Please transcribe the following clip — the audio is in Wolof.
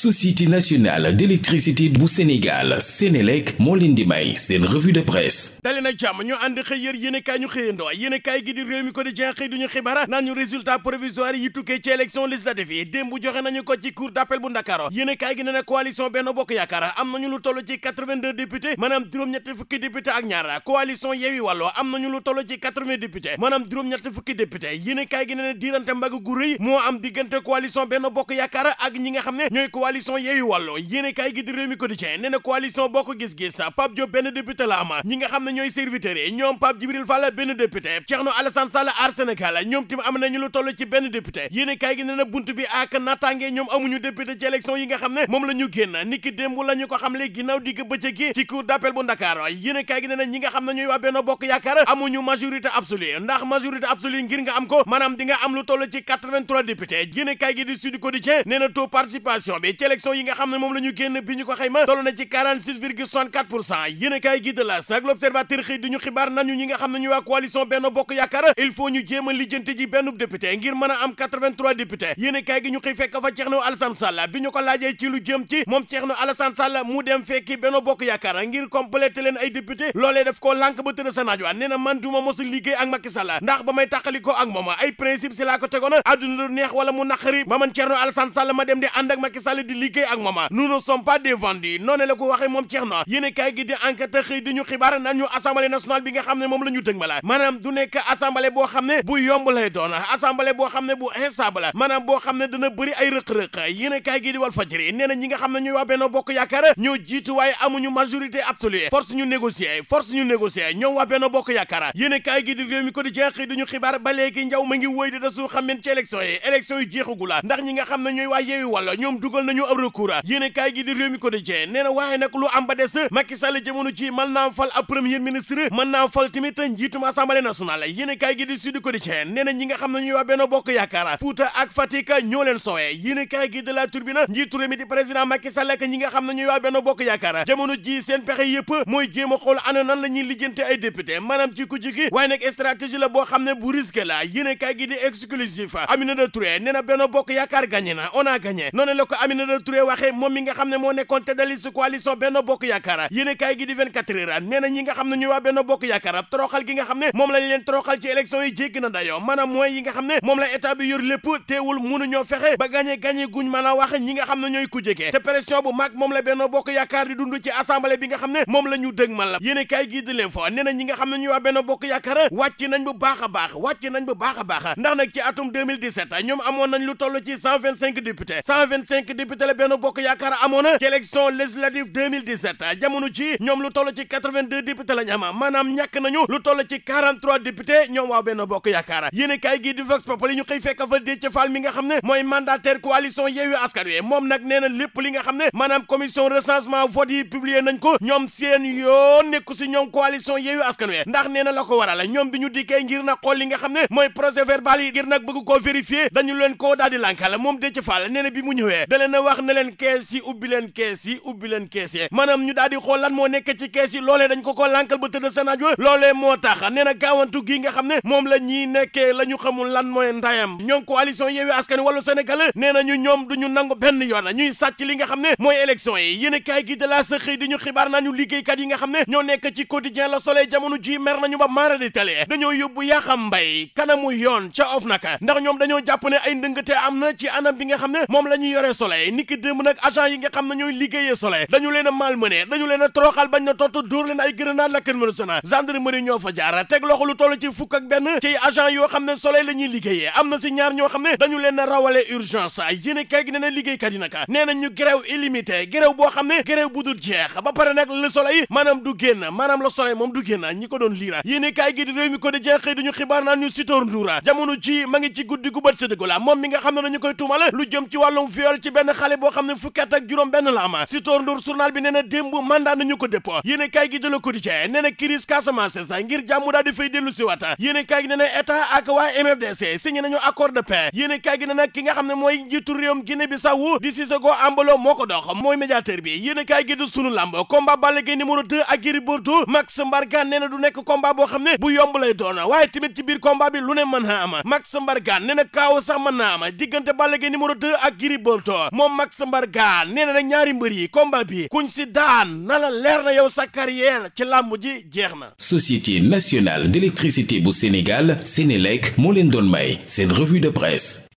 société nationale d'électricité bu Sénégal Sénélec moo leen di may seen revue de presse dali jàmm ñu ànd xëy yër yéenekaay ñu xëyandoo yéenekaay gi di réew mi ko di jenxëy duñu xibaar naan ñu résultat provisoire yi tukkee ci élection législative yi démb joxe nañu ko ci cour d'appel bu Ndakaaru yéenekaay gi ne na coalition Benno Bokk Yaakaar am nañu lu toll ci député ak ñaar ñetti fukki député yéenekaay gi ne na diirante mbagg gu coalition Yewwi Wallu yéenekaay gi di Rewmi Quotidien nee na coalition Bokk Gis Gis Pape Diop benn député la am ñi nga xam ne ñooy serviteurs yi ñoom Pape Djibril Fall benn député Thierno Alassane Sall Aar Sénégal ñoom tim am nañu lu toll ci benn député yéenekaay gi nee na bunt bi ak naataange ñoom amuñu député ci élection yi nga xam ne moom la ñu génn niki démb la ñu ko xamle ginnaaw digg bëccëg gi ci cour d'appel bu Ndakaar yéenekaay gi nee ñi nga xam ne ñooy waa Benno Bokk Yaakaar amuñu majorité absolue ndax majorité nga am ko maanaam di nga am lu toll ci 83 député yéenekaay gi di Sud Quotidien nee na taux bi ci élection yi nga xam ne moom la génn bi ñu ko xayma toll na ci 46 a kaay gi de la sac l'observateur xëy di ñu xibaar nañu ñi nga xam ne waa coalition Benno Bokk Yaakaar il faut ñu jéem a lijjanti ji benn député ngir mën a am 83 députés kaay gi ñu xëy fekk fa Thierno Alassane Sall bi ñu ko laajee ci lu jëm ci moom Thierno Alassane Sall mu dem fekki Benno Bokk Yaakaar ngir compléter leen ay député loolee daf koo lànk ba tëdd sa naaj a liggéey di ak mama nous ne pas des vendus noonu la moom ceex na yéen kaay gi di xëy di ñu xibaar naan ñu assemblée bi nga xam ne moom la ñu dëg ma la maanaam du nekk assemblée boo xam ne bu yomb lay doon assemblée boo xam ne bu instable la maanaam boo xam ne dana bëri ay rëq-rëq yéen kaay gi di wal fajri nee na ñi nga xam ne ñooy waa Benno Bokk Yaakaar ñoo jiitu waaye amuñu majorité absolue force ñu négocier force ñu négocier ñoom waa Benno nañu ab recours yéen a di réew mi quotidien nee na waaye nag lu am ba des Macky Sall jamono ci naa fal ab premier ministre mën naa fal tamit njiitum assemblée nationale yéen a kaay gi di sud quotidien nee na ñi nga xam ne ñuy waa Benno Bokk Yaakaar Fouta ak Fatick ñoo leen soowee yéen a kaay gi la Tribune njiitu réew mi di président Macky Sall nga xam ne ñuy waa Benno Bokk Yaakaar jamono ji seen pexe yëpp mooy jéem a xool ana nan la ñuy lijjante ay député maanaam ci ku jigi waaye la boo xam ne bu risque la yéen a kaay gi di exclusif Aminata Touré nee na Bokk Yaakaar gagné na a Aminata Touré waxee moom mi nga xam ne moo nekkoon tête de liste coalition Benno Bokk Yaakaar yéenekaay gi di 24 heures nee na ñi nga xam ne ñuy moom lañ leen toroxal ci élection yi ba gagné gagné guñ mën a wax ñi nga xam ne ñooy ku jege bu mag moom la Benno Bokk Yaakaar di dund ci assemblée moom la ñu dëgmal yéenekaay nga xam ne ñuy waa Benno Bokk nañ bu baax a baax wàcc nañ bu baax a baax ndax nag ci atum 2017 ñoom amoon nañ lu toll ci 125 députés 125 députés majorité la benn bokk yaakaar amoon na ci élection jamono ji ñoom lu toll ci 82 député lañ am maanaam nañu lu toll ci 43 ñoom waa benn bokk yaakaar yéen kaay gii di Vox Populi ñu xëy fekk fa Déthié Fall mi nga xam ne mooy mandataire coalition Yewwi Askan Wi moom nag nee lépp li nga xam ne maanaam commission recensement vote yi publié nañ ko ñoom seen yoon nekku si ñoom coalition Yewwi Askan Wi ndax nee la ko waral ñoom bi ñu dikkee ngir wax ne leen kees yi ubbi leen kees yi ubbi leen kees yi maanaam ñu daal di xool lan moo nekk ci kees yi loolee dañ ko ko lànkal ba tëdd sa naaj loolee moo tax nee na gaawantu gi nga xam ne moom la ñuy nekkee la ñu xamul lan mooy ndayam ñoom coalition Yewwi Askan Wallu Sénégal nee na ñoom du ñu nangu benn yoon ñuy sàcc li nga xam ne mooy élection yi yéen a kaay gi la di ñu xibaar naa liggéeykat yi nga xam ne ñoo nekk ci quotidien la soleil jamono ji mer nañu ba maara di tale dañoo yóbbu yaaxam mbay kanamu yoon ca of naka ndax ñoom dañoo jàpp ne ay ndëngate am na ci anam bi nga xam ne moom la ñuy yore soleil Ndiaye niki démb nag agent yi nga xam ne ñooy liggéeyee Soleil dañu leen a malmené dañu leen a toroxal bañ na tott dóor leen ay grenade lacrymogène gendarmerie ñoo fa jaar teg loxo lu toll ci fukk ak benn ci agent yoo xam ne Soleil la ñuy liggéeyee am na si ñaar ñoo xam ne dañu leen a rawale urgence yéene kay gi nee na liggéeykat yi naka nee na ñu grève illimité grève boo xam ne grève bu dul jeex ba pare nag le Soleil maanaam du génn maanaam la Soleil moom du génn ñi ko doon liira yéene kay gi di réew mi ko di jeex xëy dañu xibaar naan ma ngi ci guddi gu bët séddëgula moom mi nga xam ne dañu koy tuumal lu jëm ci wàllum viol ci benn xale boo xam ne fukki at ak juróom benn la am Sitor Ndour journal bi nee na démb mandat nañu ko dépp yéen kay gi de Le Quotidien nee na crise Casamance sa ngir jàmm daal di si waat yéen kay gi nee na ak waa MFDC signé nañu accord de paix yéen kay gi nee ki nga xam ne mooy njiitu réewum Guinée Bissau di Sissoko Embalo moo ko dox mooy médiateur bi yéen kay gi de sunu lamb combat Balla Gaye numéro 2 ak Gris Bordeaux Max Mbargane nee na du nekk combat boo xam ne bu yomb lay doon waaye biir combat bi lu ne mën na am Max Mbargane nee na kaaw na am diggante Balla Gaye numéro 2 ak moom Max Mbargane nee na nag ñaari mbër yi combat bi kuñ si daan na la leer na yow sa carrière ci làmb ji jeex na. Société nationale d'électricité bu Sénégal Sénélec moo leen doon may seen revue de presse.